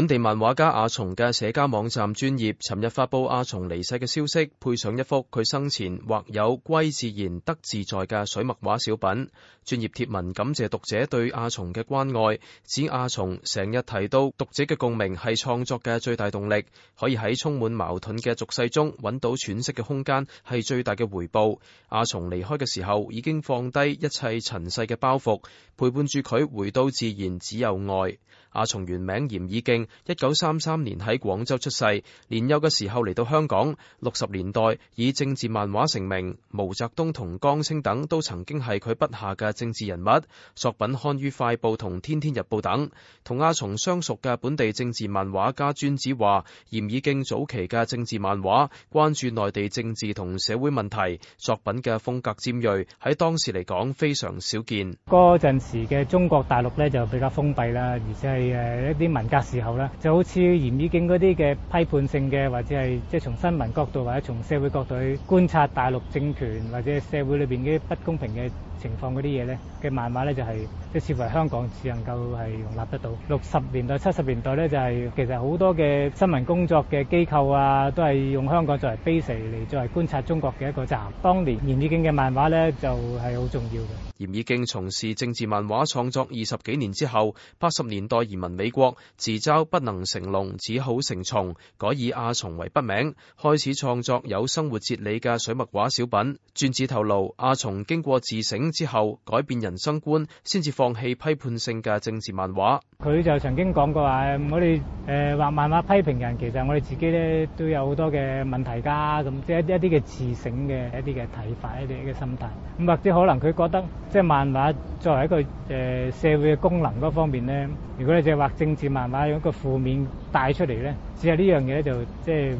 本地漫畫家阿蟲嘅社交網站專頁尋日發布阿蟲離世嘅消息，配上一幅佢生前畫有歸自然得自在嘅水墨畫小品。專頁貼文感謝讀者對阿蟲嘅關愛，指阿蟲成日提到讀者嘅共鳴係創作嘅最大動力，可以喺充滿矛盾嘅俗世中揾到喘息嘅空間係最大嘅回報。阿蟲離開嘅時候已經放低一切塵世嘅包袱，陪伴住佢回到自然，只有愛。阿蟲原名嚴以敬。一九三三年喺廣州出世，年幼嘅時候嚟到香港。六十年代以政治漫畫成名，毛澤東同江青等都曾經係佢筆下嘅政治人物。作品刊於《快報》同《天天日報》等。同阿蟲相熟嘅本地政治漫畫家尊子話，嚴以敬早期嘅政治漫畫，關注內地政治同社會問題，作品嘅風格尖銳，喺當時嚟講非常少見。嗰陣時嘅中國大陸呢就比較封閉啦，而且係誒一啲文革時候。就好似嚴以敬嗰啲嘅批判性嘅，或者係即係從新聞角度或者從社會角度去觀察大陸政權或者社會裏邊啲不公平嘅情況嗰啲嘢咧嘅漫畫咧、就是，就係即係似乎香港只能夠係容納得到。六十年代、七十年代咧、就是，就係其實好多嘅新聞工作嘅機構啊，都係用香港作為 base 嚟，作為觀察中國嘅一個站。當年嚴以敬嘅漫畫咧，就係好重要嘅。嚴以敬從事政治漫畫創作二十幾年之後，八十年代移民美國。自嘲。都不能成龍，只好成蟲，改以阿蟲為筆名，開始創作有生活哲理嘅水墨畫小品。尊子透露，阿蟲經過自省之後，改變人生觀，先至放棄批判性嘅政治漫畫。佢就曾經講過話：我哋誒畫漫畫批評人，其實我哋自己咧都有好多嘅問題噶。咁即係一啲一啲嘅自省嘅一啲嘅睇法，一啲嘅心態。咁或者可能佢覺得，即係漫畫作為一個誒社會嘅功能嗰方面咧，如果你淨係畫政治漫畫，一個負面帶出嚟咧，只係呢樣嘢咧，就即係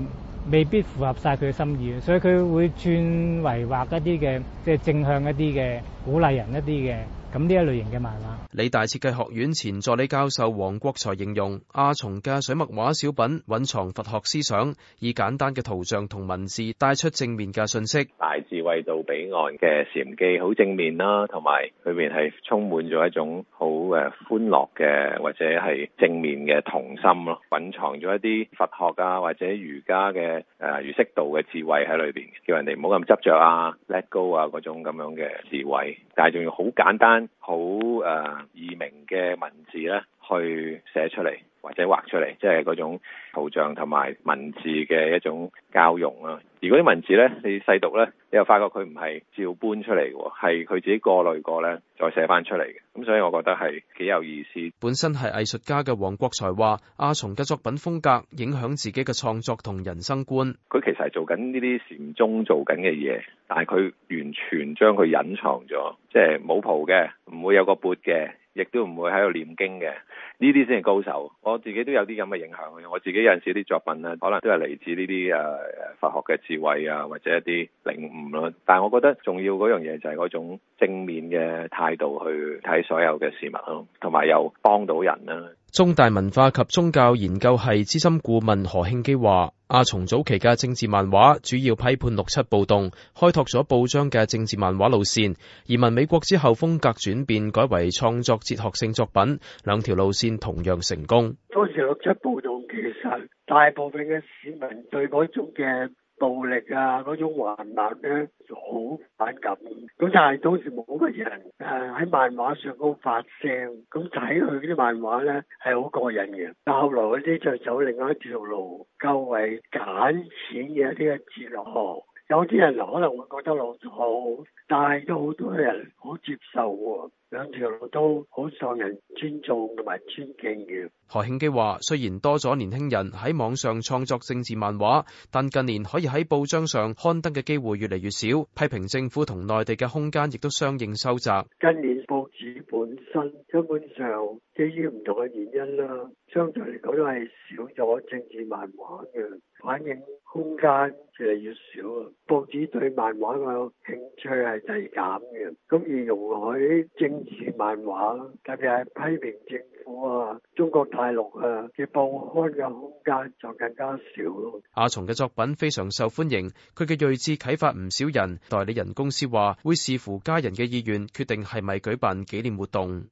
未必符合晒佢嘅心意，所以佢會轉為畫一啲嘅即係正向一啲嘅鼓勵人一啲嘅。咁呢一類型嘅漫畫，理大設計學院前助理教授黃國才形容阿虫嘅水墨畫小品，蘊藏佛學思想，以簡單嘅圖像同文字帶出正面嘅信息。大智慧到彼岸嘅禪機，好正面啦，同埋裏面係充滿咗一種好誒歡樂嘅或者係正面嘅童心咯，蘊藏咗一啲佛學啊或者儒家嘅誒儒釋道嘅智慧喺裏邊，叫人哋唔好咁執着啊 let go 啊嗰種咁樣嘅智慧，但係仲要好簡單。好誒，易明嘅文字咧，去寫出嚟或者畫出嚟，即係嗰種圖像同埋文字嘅一種交融啊！而啲文字呢，你細讀呢，你又發覺佢唔係照搬出嚟，係佢自己過濾過呢，再寫翻出嚟嘅。咁所以我覺得係幾有意思。本身係藝術家嘅黃國才話，阿虫嘅作品風格影響自己嘅創作同人生觀。佢其實係做緊呢啲禪宗做緊嘅嘢，但係佢完全將佢隱藏咗，即係冇蒲嘅，唔會有個撥嘅。亦都唔會喺度念經嘅，呢啲先係高手。我自己都有啲咁嘅影響，我自己有陣時啲作品咧，可能都係嚟自呢啲誒誒佛學嘅智慧啊，或者一啲領悟啦、啊，但係我覺得重要嗰樣嘢就係嗰種正面嘅態度去睇所有嘅事物咯，同埋又幫到人啦、啊。中大文化及宗教研究係資深顧問何慶基話：阿虫早期嘅政治漫畫主要批判六七暴動，開拓咗報章嘅政治漫畫路線；移民美國之後，風格轉變，改為創作哲學性作品，兩條路線同樣成功。當時六七暴動，其實大部分嘅市民對嗰種嘅。暴力啊，嗰種橫蠻咧就好反感。咁但係當時冇乜人誒喺漫畫上高發聲。咁睇佢啲漫畫咧係好過癮嘅。但後來嗰啲就走另外一條路，較為簡淺嘅一啲嘅哲學。有啲人可能會覺得老好，但係都好多人好接受喎，兩條路都好受人尊重同埋尊敬嘅。何慶基話，雖然多咗年輕人喺網上創作政治漫畫，但近年可以喺報章上刊登嘅機會越嚟越少，批評政府同內地嘅空間亦都相應收窄。近年報紙本身根本上基於唔同嘅原因啦，相對嚟講都係少咗政治漫畫嘅反應。空間越嚟越少啊！報紙對漫畫嘅興趣係遞減嘅，咁而容許政治漫畫，特別係批評政府啊、中國大陸啊嘅報刊嘅空間就更加少咯。阿虫嘅作品非常受歡迎，佢嘅睿智啟發唔少人。代理人公司話會視乎家人嘅意願，決定係咪舉辦紀念活動。